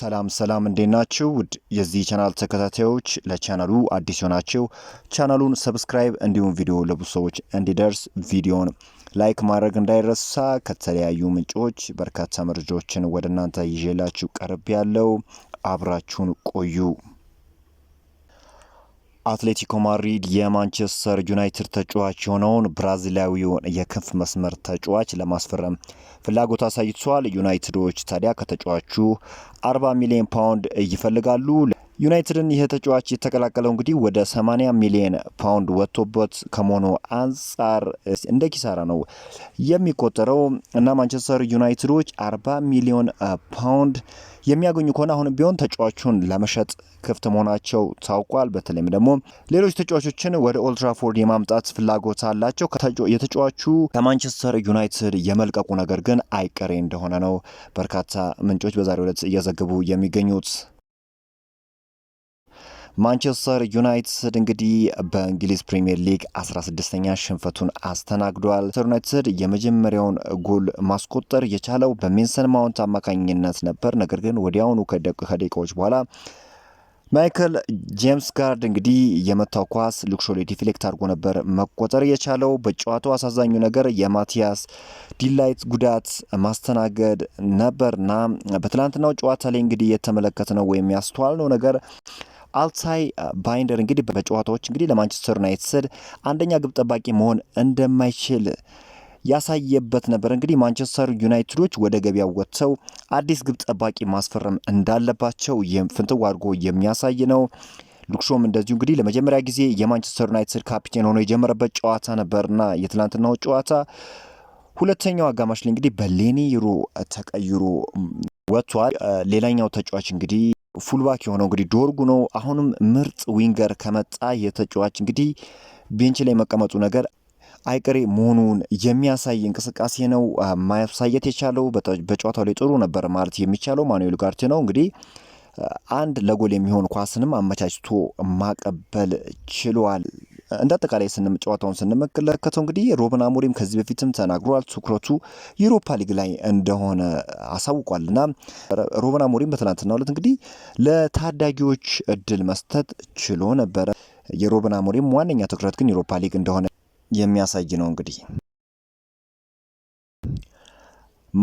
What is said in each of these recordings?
ሰላም ሰላም እንዴት ናችሁ? ውድ የዚህ ቻናል ተከታታዮች፣ ለቻናሉ አዲስ ሆናችሁ ቻናሉን ሰብስክራይብ እንዲሁም ቪዲዮ ለብዙ ሰዎች እንዲደርስ ቪዲዮን ላይክ ማድረግ እንዳይረሳ። ከተለያዩ ምንጮች በርካታ መረጃዎችን ወደ እናንተ ይዤላችሁ ቀርብ ያለው አብራችሁን ቆዩ። አትሌቲኮ ማድሪድ የማንቸስተር ዩናይትድ ተጫዋች የሆነውን ብራዚላዊውን የክንፍ መስመር ተጫዋች ለማስፈረም ፍላጎት አሳይቷል። ዩናይትዶች ታዲያ ከተጫዋቹ 40 ሚሊዮን ፓውንድ ይፈልጋሉ። ዩናይትድን ይህ ተጫዋች የተቀላቀለው እንግዲህ ወደ 80 ሚሊዮን ፓውንድ ወጥቶበት ከመሆኑ አንጻር እንደ ኪሳራ ነው የሚቆጠረው እና ማንቸስተር ዩናይትዶች 40 ሚሊዮን ፓውንድ የሚያገኙ ከሆነ አሁንም ቢሆን ተጫዋቹን ለመሸጥ ክፍት መሆናቸው ታውቋል። በተለይም ደግሞ ሌሎች ተጫዋቾችን ወደ ኦልትራፎርድ የማምጣት ፍላጎት አላቸው። የተጫዋቹ ከማንቸስተር ዩናይትድ የመልቀቁ ነገር ግን አይቀሬ እንደሆነ ነው በርካታ ምንጮች በዛሬው ዕለት እየዘገቡ የሚገኙት። ማንቸስተር ዩናይትድ እንግዲህ በእንግሊዝ ፕሪምየር ሊግ 16ኛ ሽንፈቱን አስተናግዷል። ዩናይትድ የመጀመሪያውን ጎል ማስቆጠር የቻለው በሜንሰን ማውንት አማካኝነት ነበር። ነገር ግን ወዲያውኑ ከደቂቃዎች በኋላ ማይክል ጄምስ ጋርድ እንግዲህ የመታው ኳስ ላይ ዲፍሌክት አድርጎ ነበር መቆጠር የቻለው። በጨዋታው አሳዛኙ ነገር የማቲያስ ዲላይት ጉዳት ማስተናገድ ነበርና በትላንትናው ጨዋታ ላይ እንግዲህ የተመለከትነው ወይም ያስተዋልነው ነገር አልሳይ ባይንደር እንግዲህ በጨዋታዎች እንግዲህ ለማንቸስተር ዩናይትድ አንደኛ ግብ ጠባቂ መሆን እንደማይችል ያሳየበት ነበር። እንግዲህ ማንቸስተር ዩናይትዶች ወደ ገበያው ወጥተው አዲስ ግብ ጠባቂ ማስፈረም እንዳለባቸው ፍንትው አድርጎ የሚያሳይ ነው። ሉክሾም እንደዚሁ እንግዲህ ለመጀመሪያ ጊዜ የማንቸስተር ዩናይትድ ካፒቴን ሆኖ የጀመረበት ጨዋታ ነበርና የትናንትናው ጨዋታ ሁለተኛው አጋማሽ ላይ እንግዲህ በሌኒ ይሩ ተቀይሮ ወጥቷል። ሌላኛው ተጫዋች እንግዲህ ፉልባክ የሆነው እንግዲህ ዶርጉ ነው። አሁንም ምርጥ ዊንገር ከመጣ የተጫዋች እንግዲህ ቤንች ላይ መቀመጡ ነገር አይቀሬ መሆኑን የሚያሳይ እንቅስቃሴ ነው ማሳየት የቻለው። በጨዋታው ላይ ጥሩ ነበር ማለት የሚቻለው ማኑኤል ጋርቲ ነው። እንግዲህ አንድ ለጎል የሚሆን ኳስንም አመቻችቶ ማቀበል ችሏል። እንደ አጠቃላይ ስንም ጨዋታውን ስንመለከተው እንግዲህ ሮብን አሞሪም ከዚህ በፊትም ተናግሯል። ትኩረቱ ዩሮፓ ሊግ ላይ እንደሆነ አሳውቋል እና ሮብን አሞሪም በትናንትናው ዕለት እንግዲህ ለታዳጊዎች እድል መስጠት ችሎ ነበረ። የሮብን አሞሪም ዋነኛ ትኩረት ግን ዩሮፓ ሊግ እንደሆነ የሚያሳይ ነው። እንግዲህ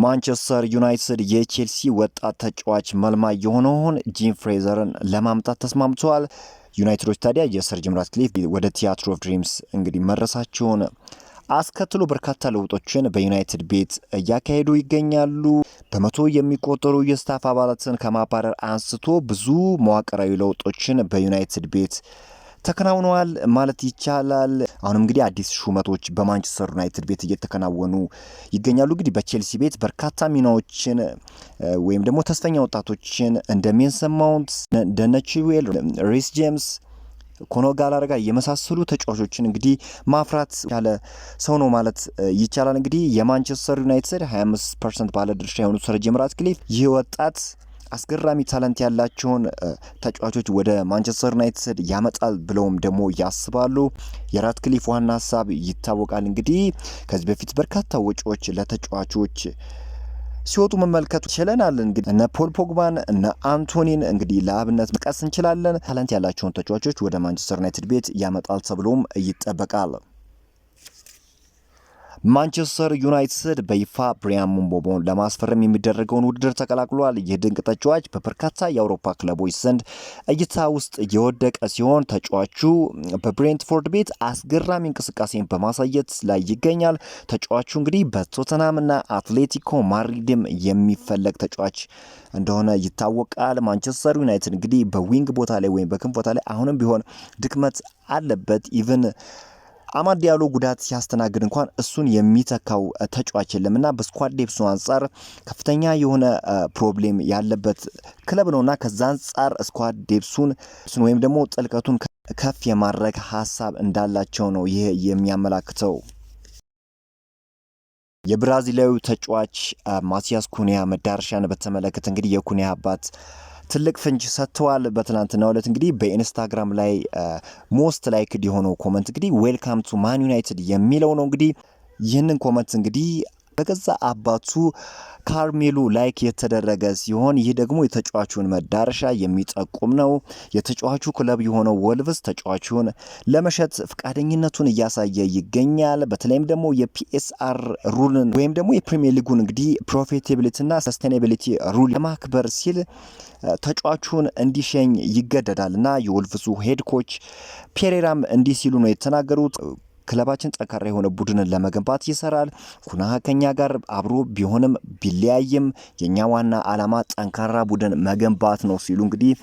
ማንቸስተር ዩናይትድ የቼልሲ ወጣት ተጫዋች መልማ የሆነውን ጂም ፍሬዘርን ለማምጣት ተስማምተዋል። ዩናይትዶች ታዲያ የሰርጅም ራትክሊፍ ወደ ቲያትር ኦፍ ድሪምስ እንግዲህ መረሳቸውን አስከትሎ በርካታ ለውጦችን በዩናይትድ ቤት እያካሄዱ ይገኛሉ። በመቶ የሚቆጠሩ የስታፍ አባላትን ከማባረር አንስቶ ብዙ መዋቅራዊ ለውጦችን በዩናይትድ ቤት ተከናውነዋል ማለት ይቻላል። አሁንም እንግዲህ አዲስ ሹመቶች በማንቸስተር ዩናይትድ ቤት እየተከናወኑ ይገኛሉ። እንግዲህ በቼልሲ ቤት በርካታ ሚናዎችን ወይም ደግሞ ተስፈኛ ወጣቶችን እንደ ሜንሰን ማውንት፣ ደነ ቺዌል፣ ሪስ ጄምስ ኮኖ ጋላገር የመሳሰሉ ተጫዋቾችን እንግዲህ ማፍራት ያለ ሰው ነው ማለት ይቻላል። እንግዲህ የማንቸስተር ዩናይትድ 25 ፐርሰንት ባለድርሻ የሆኑት ሰር ጂም ራትክሊፍ ይህ ወጣት አስገራሚ ታለንት ያላቸውን ተጫዋቾች ወደ ማንቸስተር ዩናይትድ ያመጣል ብለውም ደግሞ ያስባሉ። የራትክሊፍ ዋና ሀሳብ ይታወቃል። እንግዲህ ከዚህ በፊት በርካታ ወጪዎች ለተጫዋቾች ሲወጡ መመልከቱ ችለናል። እንግዲህ እነ ፖል ፖግባን እነ አንቶኒን እንግዲህ ለአብነት መጥቀስ እንችላለን። ታለንት ያላቸውን ተጫዋቾች ወደ ማንቸስተር ዩናይትድ ቤት ያመጣል ተብሎም ይጠበቃል። ማንቸስተር ዩናይትድ በይፋ ብሪያን ምቦሞን ለማስፈረም የሚደረገውን ውድድር ተቀላቅሏል። ይህ ድንቅ ተጫዋች በበርካታ የአውሮፓ ክለቦች ዘንድ እይታ ውስጥ የወደቀ ሲሆን ተጫዋቹ በብሬንትፎርድ ቤት አስገራሚ እንቅስቃሴን በማሳየት ላይ ይገኛል። ተጫዋቹ እንግዲህ በቶተናምና አትሌቲኮ ማድሪድም የሚፈለግ ተጫዋች እንደሆነ ይታወቃል። ማንቸስተር ዩናይትድ እንግዲህ በዊንግ ቦታ ላይ ወይም በክንፍ ቦታ ላይ አሁንም ቢሆን ድክመት አለበት ኢቨን አማድ ዲያሎ ጉዳት ሲያስተናግድ እንኳን እሱን የሚተካው ተጫዋች እና በስኳድ ዴፕሱ አንጻር ከፍተኛ የሆነ ፕሮብሌም ያለበት ክለብ ነውና ከዛ አንጻር ስኳድ ዴፕሱን ወይም ደግሞ ጥልቀቱን ከፍ የማድረግ ሀሳብ እንዳላቸው ነው ይህ የሚያመላክተው። የብራዚላዊ ተጫዋች ማሲያስ ኩኒያ መዳረሻን በተመለከተ እንግዲህ የኩኒያ አባት ትልቅ ፍንጭ ሰጥተዋል። በትናንትና ዕለት እንግዲህ በኢንስታግራም ላይ ሞስት ላይክድ የሆነው ኮመንት እንግዲህ ዌልካም ቱ ማን ዩናይትድ የሚለው ነው። እንግዲህ ይህንን ኮመንት እንግዲህ በገዛ አባቱ ካርሜሉ ላይክ የተደረገ ሲሆን ይህ ደግሞ የተጫዋቹን መዳረሻ የሚጠቁም ነው። የተጫዋቹ ክለብ የሆነው ወልቭስ ተጫዋቹን ለመሸጥ ፈቃደኝነቱን እያሳየ ይገኛል። በተለይም ደግሞ የፒኤስአር ሩልን ወይም ደግሞ የፕሪሚየር ሊጉን እንግዲህ ፕሮፊታቢሊቲና ሰስቴናቢሊቲ ሩል ለማክበር ሲል ተጫዋቹን እንዲሸኝ ይገደዳል እና የወልቭሱ ሄድ ኮች ፔሬራም እንዲህ ሲሉ ነው የተናገሩት። ክለባችን ጠንካራ የሆነ ቡድንን ለመገንባት ይሰራል። ኩናሃ ከኛ ጋር አብሮ ቢሆንም ቢለያይም የእኛ ዋና ዓላማ ጠንካራ ቡድን መገንባት ነው ሲሉ እንግዲህ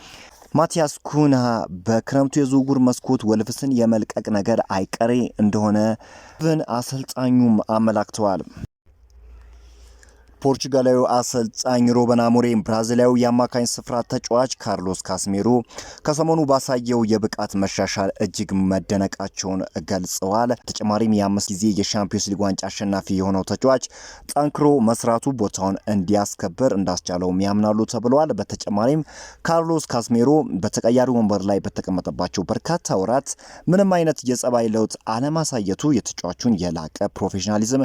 ማቲያስ ኩንሃ በክረምቱ የዝውውር መስኮት ወልፍስን የመልቀቅ ነገር አይቀሬ እንደሆነ ብን አሰልጣኙም አመላክተዋል። ፖርቹጋላዊ አሰልጣኝ ሮበን አሞሬም ብራዚላዊ የአማካኝ ስፍራ ተጫዋች ካርሎስ ካስሜሮ ከሰሞኑ ባሳየው የብቃት መሻሻል እጅግ መደነቃቸውን ገልጸዋል። በተጨማሪም የአምስት ጊዜ የሻምፒዮንስ ሊግ ዋንጫ አሸናፊ የሆነው ተጫዋች ጠንክሮ መስራቱ ቦታውን እንዲያስከብር እንዳስቻለውም ያምናሉ ተብለዋል። በተጨማሪም ካርሎስ ካስሜሮ በተቀያሪ ወንበር ላይ በተቀመጠባቸው በርካታ ወራት ምንም አይነት የጸባይ ለውጥ አለማሳየቱ የተጫዋቹን የላቀ ፕሮፌሽናሊዝም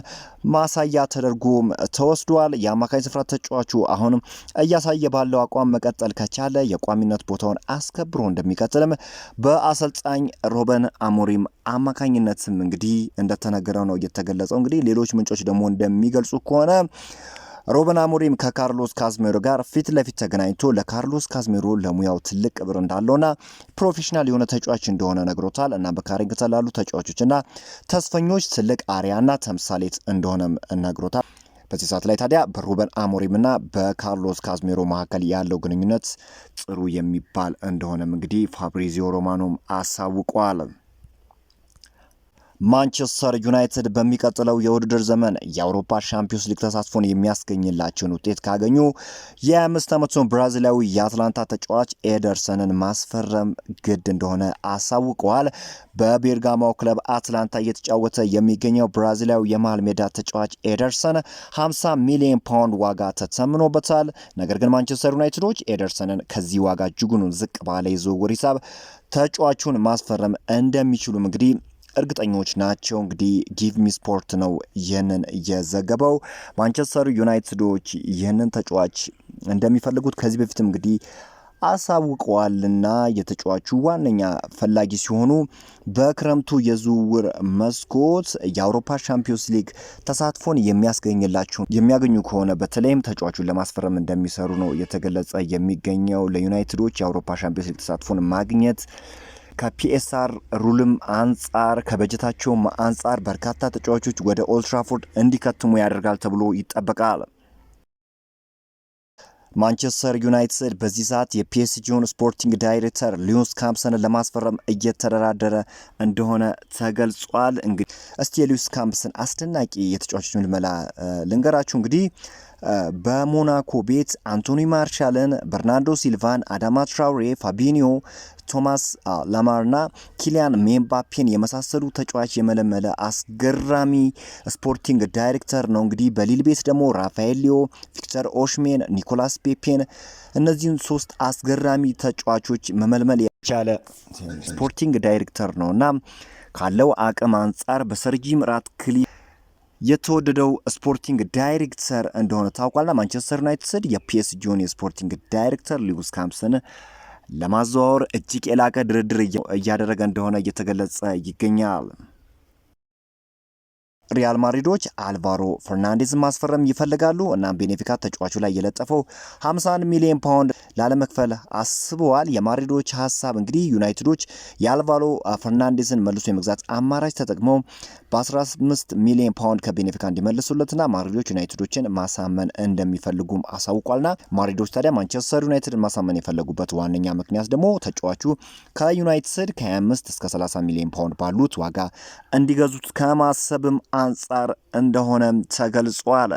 ማሳያ ተደርጎም ተወስዷል። ተብሏል። የአማካኝ ስፍራ ተጫዋቹ አሁንም እያሳየ ባለው አቋም መቀጠል ከቻለ የቋሚነት ቦታውን አስከብሮ እንደሚቀጥልም በአሰልጣኝ ሮበን አሞሪም አማካኝነትም እንግዲህ እንደተነገረው ነው እየተገለጸው። እንግዲህ ሌሎች ምንጮች ደግሞ እንደሚገልጹ ከሆነ ሮበን አሞሪም ከካርሎስ ካዝሜሮ ጋር ፊት ለፊት ተገናኝቶ ለካርሎስ ካዝሜሮ ለሙያው ትልቅ ክብር እንዳለውና ፕሮፌሽናል የሆነ ተጫዋች እንደሆነ ነግሮታል እና በካሪንግተን ላሉ ተጫዋቾችና ተስፈኞች ትልቅ አሪያና ተምሳሌት እንደሆነም ነግሮታል። በዚህ ሰዓት ላይ ታዲያ በሩበን አሞሪምና በካርሎስ ካዝሜሮ መካከል ያለው ግንኙነት ጥሩ የሚባል እንደሆነም እንግዲህ ፋብሪዚዮ ሮማኖም አሳውቋል። ማንቸስተር ዩናይትድ በሚቀጥለው የውድድር ዘመን የአውሮፓ ሻምፒዮንስ ሊግ ተሳትፎን የሚያስገኝላቸውን ውጤት ካገኙ የአምስት ዓመቱን ብራዚላዊ የአትላንታ ተጫዋች ኤደርሰንን ማስፈረም ግድ እንደሆነ አሳውቀዋል። በቤርጋማው ክለብ አትላንታ እየተጫወተ የሚገኘው ብራዚላዊ የመሃል ሜዳ ተጫዋች ኤደርሰን 50 ሚሊዮን ፓውንድ ዋጋ ተተምኖበታል። ነገር ግን ማንቸስተር ዩናይትዶች ኤደርሰንን ከዚህ ዋጋ እጅጉን ዝቅ ባለ የዝውውር ሂሳብ ተጫዋቹን ማስፈረም እንደሚችሉም እንግዲህ እርግጠኞች ናቸው። እንግዲህ ጊቭ ሚ ስፖርት ነው ይህንን የዘገበው። ማንቸስተር ዩናይትዶች ይህንን ተጫዋች እንደሚፈልጉት ከዚህ በፊትም እንግዲህ አሳውቀዋልና የተጫዋቹ ዋነኛ ፈላጊ ሲሆኑ በክረምቱ የዝውውር መስኮት የአውሮፓ ሻምፒዮንስ ሊግ ተሳትፎን የሚያስገኝላቸው የሚያገኙ ከሆነ በተለይም ተጫዋቹን ለማስፈረም እንደሚሰሩ ነው የተገለጸ የሚገኘው። ለዩናይትዶች የአውሮፓ ሻምፒዮንስ ሊግ ተሳትፎን ማግኘት ከፒኤስአር ሩልም አንጻር ከበጀታቸውም አንጻር በርካታ ተጫዋቾች ወደ ኦልትራፎርድ እንዲከትሙ ያደርጋል ተብሎ ይጠበቃል። ማንቸስተር ዩናይትድ በዚህ ሰዓት የፒኤስጂውን ስፖርቲንግ ዳይሬክተር ሊዩስ ካምፕሰን ለማስፈረም እየተደራደረ እንደሆነ ተገልጿል። እንግዲህ እስቲ የሊዩስ ካምፕሰን አስደናቂ የተጫዋቾች ምልመላ ልንገራችሁ። እንግዲህ በሞናኮ ቤት አንቶኒ ማርሻልን፣ በርናርዶ ሲልቫን፣ አዳማ ትራውሬ፣ ፋቢኒዮ፣ ቶማስ ላማርና ኪሊያን ሜምባፔን የመሳሰሉ ተጫዋች የመለመለ አስገራሚ ስፖርቲንግ ዳይሬክተር ነው። እንግዲህ በሊል ቤት ደግሞ ራፋኤል ሊዮ፣ ቪክተር ኦሽሜን፣ ኒኮላስ ፔፔን እነዚህን ሶስት አስገራሚ ተጫዋቾች መመልመል የቻለ ስፖርቲንግ ዳይሬክተር ነው እና ካለው አቅም አንጻር በሰርጂ ምራት የተወደደው ስፖርቲንግ ዳይሬክተር እንደሆነ ታውቋልና ማንቸስተር ዩናይትድ የፒኤስጂውን የስፖርቲንግ ዳይሬክተር ሊዊስ ካምፕሰን ለማዘዋወር እጅግ የላቀ ድርድር እያደረገ እንደሆነ እየተገለጸ ይገኛል። ሪያል ማድሪዶች አልቫሮ ፈርናንዴዝን ማስፈረም ይፈልጋሉ። እናም ቤኔፊካ ተጫዋቹ ላይ የለጠፈው 50 ሚሊዮን ፓውንድ ላለመክፈል አስበዋል። የማድሪዶች ሀሳብ እንግዲህ ዩናይትዶች የአልቫሮ ፈርናንዴዝን መልሶ የመግዛት አማራጭ ተጠቅመው በ15 ሚሊዮን ፓውንድ ከቤኔፊካ እንዲመልሱለትና ማድሪዶች ዩናይትዶችን ማሳመን እንደሚፈልጉም አሳውቋልና ማድሪዶች ታዲያ ማንቸስተር ዩናይትድን ማሳመን የፈለጉበት ዋነኛ ምክንያት ደግሞ ተጫዋቹ ከዩናይትድ ከ25 እስከ 30 ሚሊዮን ፓውንድ ባሉት ዋጋ እንዲገዙት ከማሰብም አንጻር እንደሆነም ተገልጿል።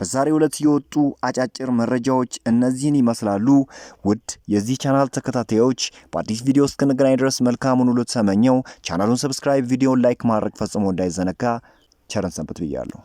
በዛሬው ዕለት የወጡ አጫጭር መረጃዎች እነዚህን ይመስላሉ። ውድ የዚህ ቻናል ተከታታዮች በአዲስ ቪዲዮ እስክንገናኝ ድረስ መልካሙን ሁሉ ተመኘው። ቻናሉን ሰብስክራይብ፣ ቪዲዮን ላይክ ማድረግ ፈጽሞ እንዳይዘነጋ። ቸረን ሰንበት ብያለሁ።